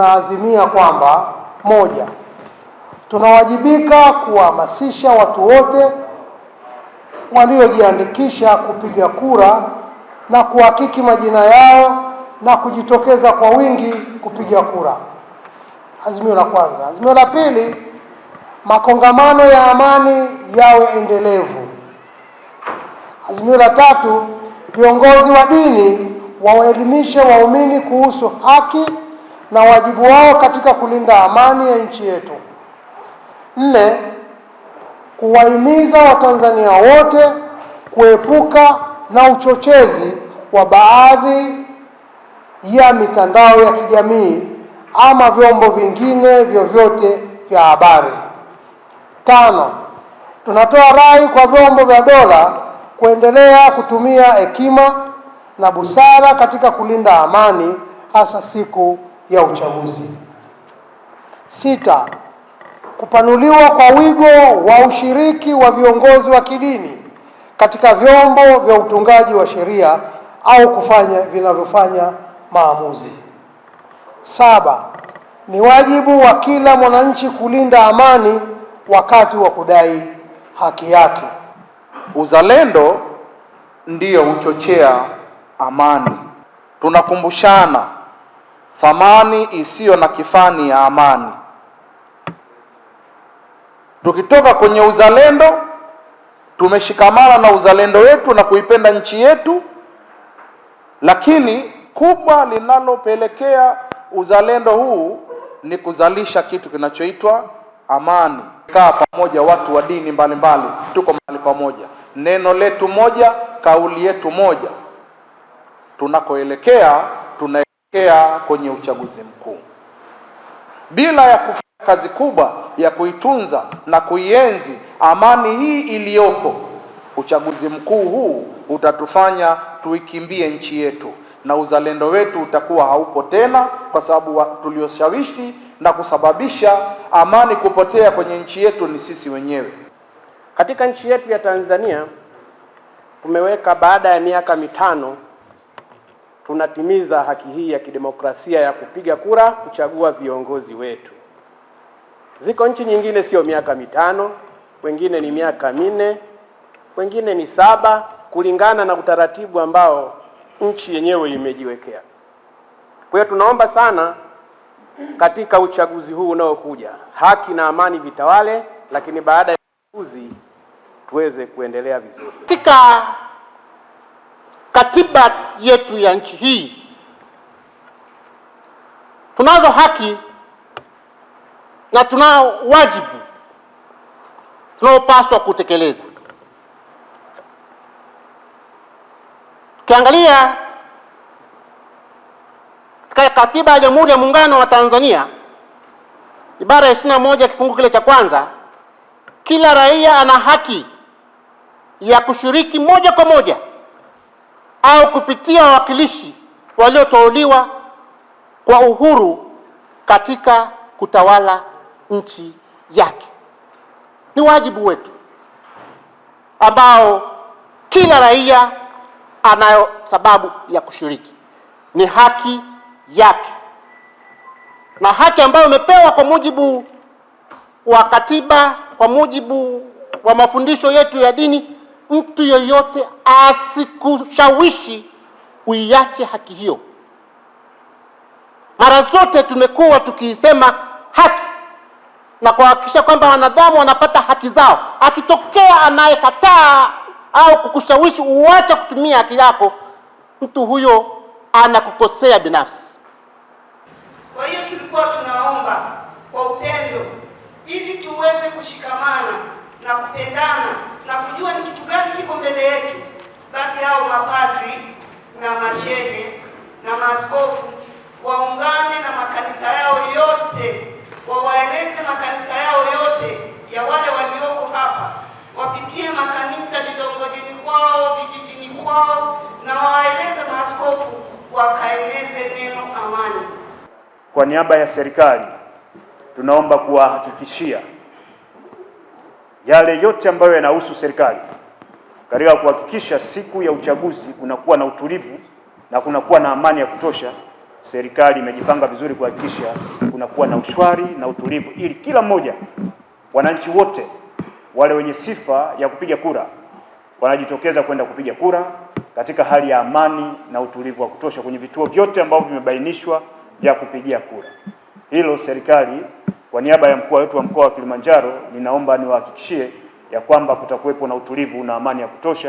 tunaazimia kwamba moja, tunawajibika kuwahamasisha watu wote waliojiandikisha kupiga kura na kuhakiki majina yao na kujitokeza kwa wingi kupiga kura. Azimio la kwanza. Azimio la pili, makongamano ya amani yawe endelevu. Azimio la tatu, viongozi wa dini wawaelimishe waumini kuhusu haki na wajibu wao katika kulinda amani ya nchi yetu. Nne, kuwahimiza Watanzania wote kuepuka na uchochezi wa baadhi ya mitandao ya kijamii ama vyombo vingine vyovyote vya habari. Tano, tunatoa rai kwa vyombo vya dola kuendelea kutumia hekima na busara katika kulinda amani hasa siku ya uchaguzi. Sita, kupanuliwa kwa wigo wa ushiriki wa viongozi wa kidini katika vyombo vya utungaji wa sheria au kufanya vinavyofanya maamuzi. Saba, ni wajibu wa kila mwananchi kulinda amani wakati wa kudai haki yake. Uzalendo ndiyo huchochea amani. Tunakumbushana thamani isiyo na kifani ya amani. Tukitoka kwenye uzalendo, tumeshikamana na uzalendo wetu na kuipenda nchi yetu, lakini kubwa linalopelekea uzalendo huu ni kuzalisha kitu kinachoitwa amani. Kaa pamoja watu wa dini mbalimbali mbali, tuko mahali pamoja, neno letu moja, kauli yetu moja, tunakoelekea tuna kuelekea kwenye uchaguzi mkuu bila ya kufanya kazi kubwa ya kuitunza na kuienzi amani hii iliyoko. Uchaguzi mkuu huu utatufanya tuikimbie nchi yetu na uzalendo wetu utakuwa haupo tena, kwa sababu tulioshawishi na kusababisha amani kupotea kwenye nchi yetu ni sisi wenyewe. Katika nchi yetu ya Tanzania tumeweka baada ya miaka mitano tunatimiza haki hii ya kidemokrasia ya kupiga kura kuchagua viongozi wetu. Ziko nchi nyingine sio miaka mitano, wengine ni miaka minne, wengine ni saba, kulingana na utaratibu ambao nchi yenyewe imejiwekea. Kwa hiyo tunaomba sana katika uchaguzi huu unaokuja haki na amani vitawale, lakini baada ya uchaguzi tuweze kuendelea vizuri katika katiba yetu ya nchi hii tunazo haki na tunao wajibu tunaopaswa kutekeleza. Tukiangalia katika katiba ya Jamhuri ya Muungano wa Tanzania ibara ya ishirini na moja kifungu kile cha kwanza, kila raia ana haki ya kushiriki moja kwa moja au kupitia wawakilishi walioteuliwa kwa uhuru katika kutawala nchi yake. Ni wajibu wetu ambao kila raia anayo sababu ya kushiriki, ni haki yake na haki ambayo imepewa kwa mujibu wa katiba, kwa mujibu wa mafundisho yetu ya dini mtu yoyote asikushawishi uiache haki hiyo. Mara zote tumekuwa tukiisema haki na kuhakikisha kwamba wanadamu wanapata haki zao. Akitokea anayekataa au kukushawishi uache kutumia haki yako, mtu huyo anakukosea binafsi. Kwa hiyo tulikuwa tunaomba kwa upendo, ili tuweze kushikamana na kupendana na kujua ni kitu gani kiko mbele yetu, basi hao mapadri na mashehe na maaskofu waungane na makanisa yao yote, wawaeleze makanisa yao yote ya wale walioko hapa, wapitie makanisa vitongojini kwao, vijijini kwao, na wawaeleze maaskofu wakaeleze neno amani. Kwa niaba ya serikali tunaomba kuwahakikishia yale yote ambayo yanahusu serikali katika kuhakikisha siku ya uchaguzi kunakuwa na utulivu na kunakuwa na amani ya kutosha. Serikali imejipanga vizuri kuhakikisha kunakuwa na ushwari na utulivu, ili kila mmoja, wananchi wote wale wenye sifa ya kupiga kura wanajitokeza kwenda kupiga kura katika hali ya amani na utulivu wa kutosha kwenye vituo vyote ambavyo vimebainishwa vya kupigia kura. Hilo serikali kwa niaba ya mkuu wetu wa mkoa wa Kilimanjaro, ninaomba niwahakikishie ya kwamba kutakuwepo na utulivu na amani ya kutosha